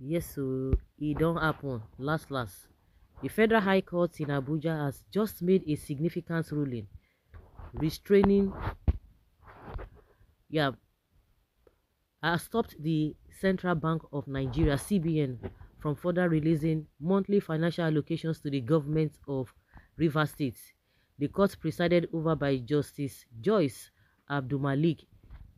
Yes, so it don't happen. Last, last. The Federal High Court in Abuja has just made a significant ruling restraining, yeah, has stopped the Central Bank of Nigeria, CBN, from further releasing monthly financial allocations to the government of River State. The court presided over by Justice Joyce Abdul Malik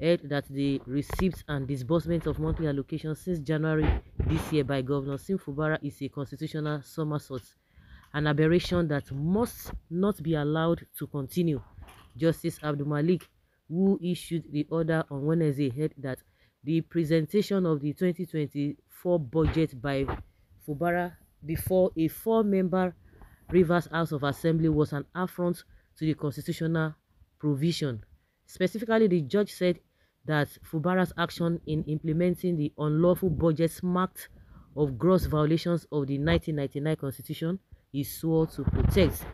add that the receipts and disbursements of monthly allocations since January this year by Governor Sim Fubara is a constitutional somersault, an aberration that must not be allowed to continue. Justice Abdul Malik, who issued the order on Wednesday, said that the presentation of the 2024 budget by Fubara before a four-member Rivers House of Assembly was an affront to the constitutional provision Specifically, the judge said that Fubara's action in implementing the unlawful budget marked of gross violations of the 1999 constitution is swore to protect.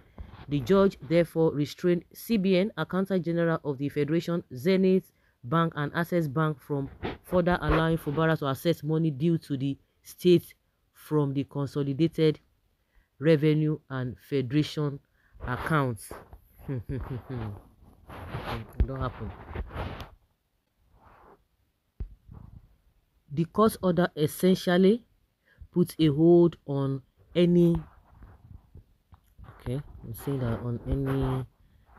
The judge therefore restrained CBN, Accountant General of the Federation, Zenith Bank and Access Bank from further allowing Fubara to access money due to the state from the consolidated revenue and federation accounts. happen e don happen the court order essentially puts a hold on any okay i'm saying that on any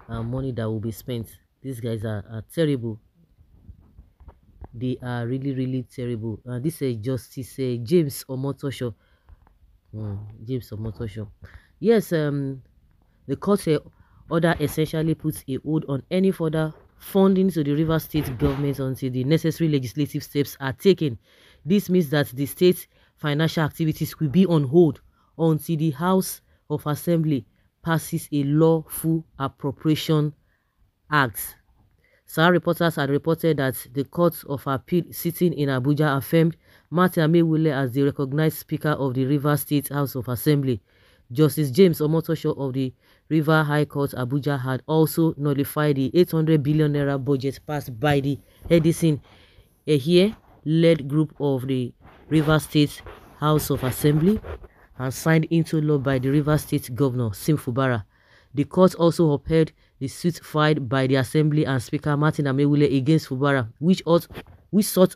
uh, money that will be spent these guys are, are terrible they are really really terrible and uh, this is uh, justice uh, james omotosho mm, james omotosho yes um the court uh, Order essentially puts a hold on any further funding to the River State government until the necessary legislative steps are taken. This means that the state's financial activities will be on hold until the House of Assembly passes a lawful appropriation act. Sahara reporters had reported that the Court of Appeal sitting in Abuja affirmed Martin Amewule as the recognized Speaker of the River State House of Assembly. Justice James Omotosho of the River High Court Abuja had also nullified the 800 billion naira budget passed by the Edison Ehie-led group of the River State House of Assembly and signed into law by the River State Governor Sim Fubara. The court also upheld the suit filed by the Assembly and Speaker Martin Amewule against Fubara, which, ought, which sought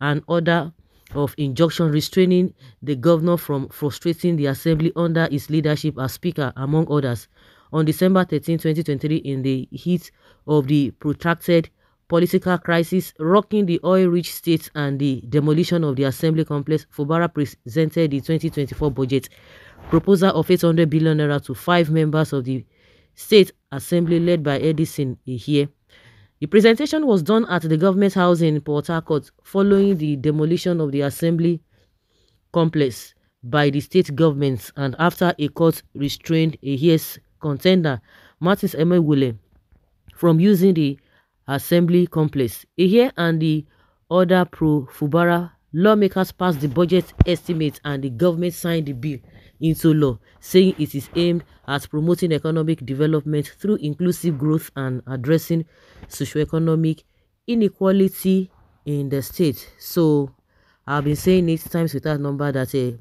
an order of injunction restraining the governor from frustrating the assembly under his leadership as speaker, among others. On December 13, 2023, in the heat of the protracted political crisis rocking the oil-rich states and the demolition of the assembly complex, Fubara presented the 2024 budget proposal of 800 billion naira to five members of the state assembly led by Edison Ehie. The presentation was done at the Government House in Port Harcourt following the demolition of the Assembly complex by the state government and after a court restrained a year's contender, Martins Emewule, from using the Assembly complex. A year and the other pro-Fubara lawmakers passed the budget estimate and the government signed the bill into law, saying it is aimed at promoting economic development through inclusive growth and addressing socioeconomic inequality in the state. So I've been saying it times without number that uh,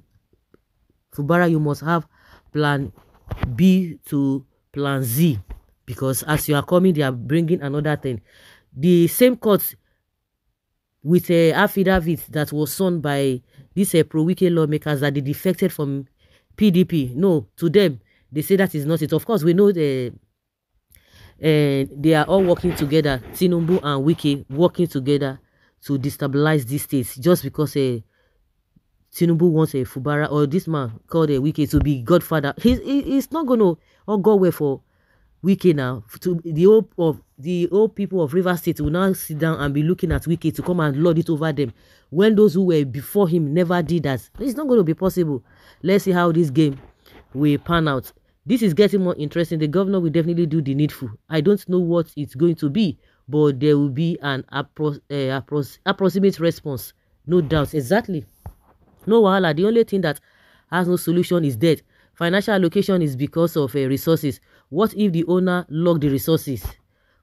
Fubara, you must have plan B to plan Z because as you are coming, they are bringing another thing. The same court with a eh, affidavit that was sworn by these uh, eh, pro-wiki lawmakers that they defected from PDP. No, to them, they say that is not it. Of course, we know the, eh, eh, and they are all working together, Tinubu and Wiki working together to destabilize this state just because uh, Tinubu wants a Fubara or this man called a Wiki to be godfather. He's, he's not gonna or all go well for Wike now. To the whole of the old people of River State will now sit down and be looking at Wike to come and lord it over them. When those who were before him never did that, it's not going to be possible. Let's see how this game will pan out. This is getting more interesting. The governor will definitely do the needful. I don't know what it's going to be, but there will be an appro uh, eh, appro approximate response. No doubt. Exactly. No wahala. The only thing that has no solution is debt. Financial allocation is because of uh, resources. What if the owner lacks the resources?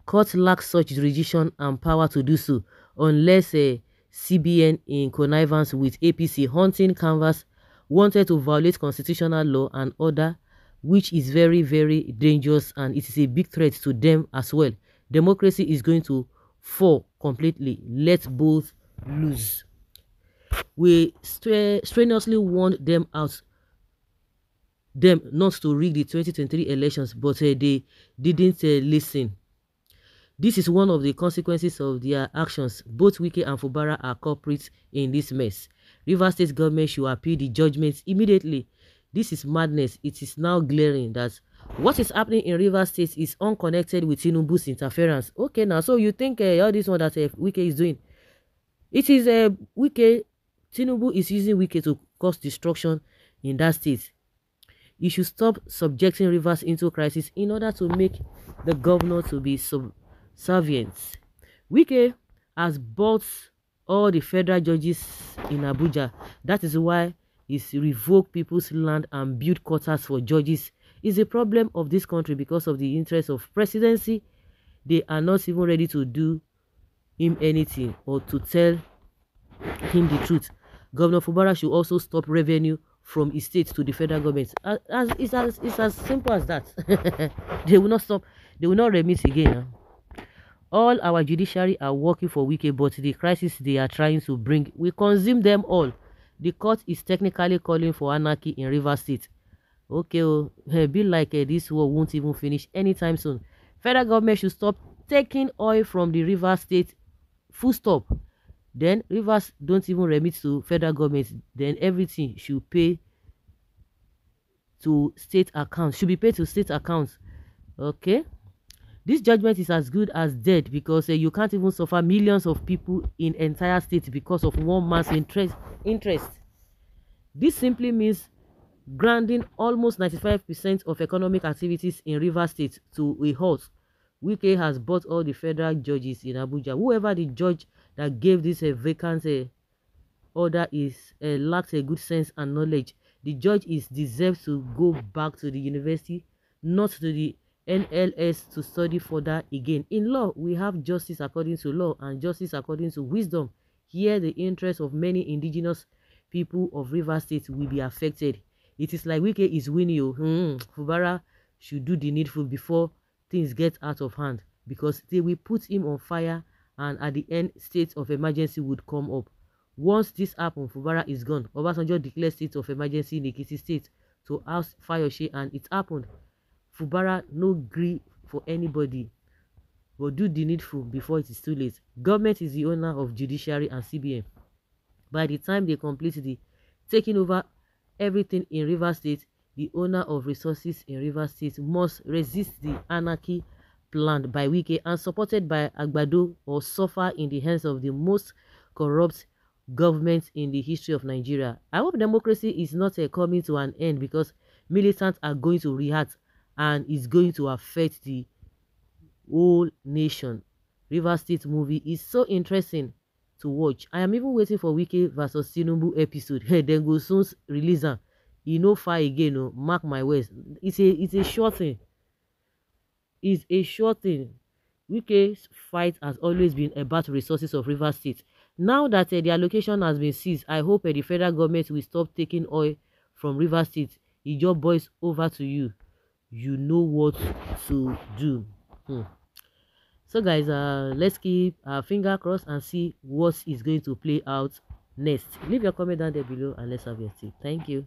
Court lacks such jurisdiction and power to do so, unless a eh, CBN in connivance with APC hunting canvas wanted to violate constitutional law and order which is very very dangerous and it is a big threat to them as well. Democracy is going to fall completely. Let both lose. We strenuously warned them out them not to rig the 2023 elections, but uh, they didn't uh, listen. This is one of the consequences of their actions. Both Wike and Fubara are culprits in this mess. Rivers State government should appeal the judgment immediately. This is madness. It is now glaring that what is happening in Rivers State is unconnected with Tinubu's interference. Okay, now, so you think uh, all this one that uh, Wike is doing, it is uh, Wike, Tinubu is using Wike to cause destruction in that state. You should stop subjecting rivers into crisis in order to make the governor to be subservient. Wike has bought all the federal judges in Abuja. That is why he's revoked people's land and built quarters for judges. It's a problem of this country because of the interest of presidency. They are not even ready to do him anything or to tell him the truth. Governor Fubara should also stop revenue from his state to the federal government as, as it's as it's as simple as that they will not stop they will not remit again huh? all our judiciary are working for wike but the crisis they are trying to bring we consume them all the court is technically calling for anarchy in River state okay oh be like uh, this war won't even finish anytime soon federal government should stop taking oil from the River state full stop Then rivers don't even remit to federal government. Then everything should pay to state accounts. Should be paid to state accounts. Okay. This judgment is as good as dead because uh, you can't even suffer millions of people in entire state because of one man's interest. Interest. This simply means grounding almost 95% of economic activities in River State to a halt Wike has bought all the federal judges in Abuja. Whoever the judge that gave this a uh, vacant uh, order is uh, lacks a good sense and knowledge. The judge is deserves to go back to the university, not to the NLS to study further again. In law, we have justice according to law and justice according to wisdom. Here, the interests of many indigenous people of River State will be affected. It is like Wike is winning you. Oh. Hmm. Fubara should do the needful before things get out of hand because they will put him on fire and at the end state of emergency would come up. Once this happened, Fubara is gone. Obasanjo declared state of emergency in Ekiti state to oust Fayoshe and it happened. Fubara no gree for anybody but do the needful before it is too late. Government is the owner of judiciary and CBN. By the time they complete the taking over everything in Rivers State, the owner of resources in Rivers State, must resist the anarchy planned by Wike and supported by Agbado or suffer in the hands of the most corrupt government in the history of Nigeria. I hope democracy is not uh, coming to an end because militants are going to react and it's going to affect the whole nation. River State movie is so interesting to watch. I am even waiting for Wike vs Tinubu episode. Hey, then go soon release her e no far again o oh, mark my words it's a it's a sure thing it's a sure thing Wike's fight has always been about resources of River State. Now that uh, the allocation has been seized, I hope uh, the federal government will stop taking oil from River State. Ijo e boys over to you. You know what to do. Hmm. So guys, uh, let's keep our finger crossed and see what is going to play out next. Leave your comment down there below and let's have your tip. Thank you.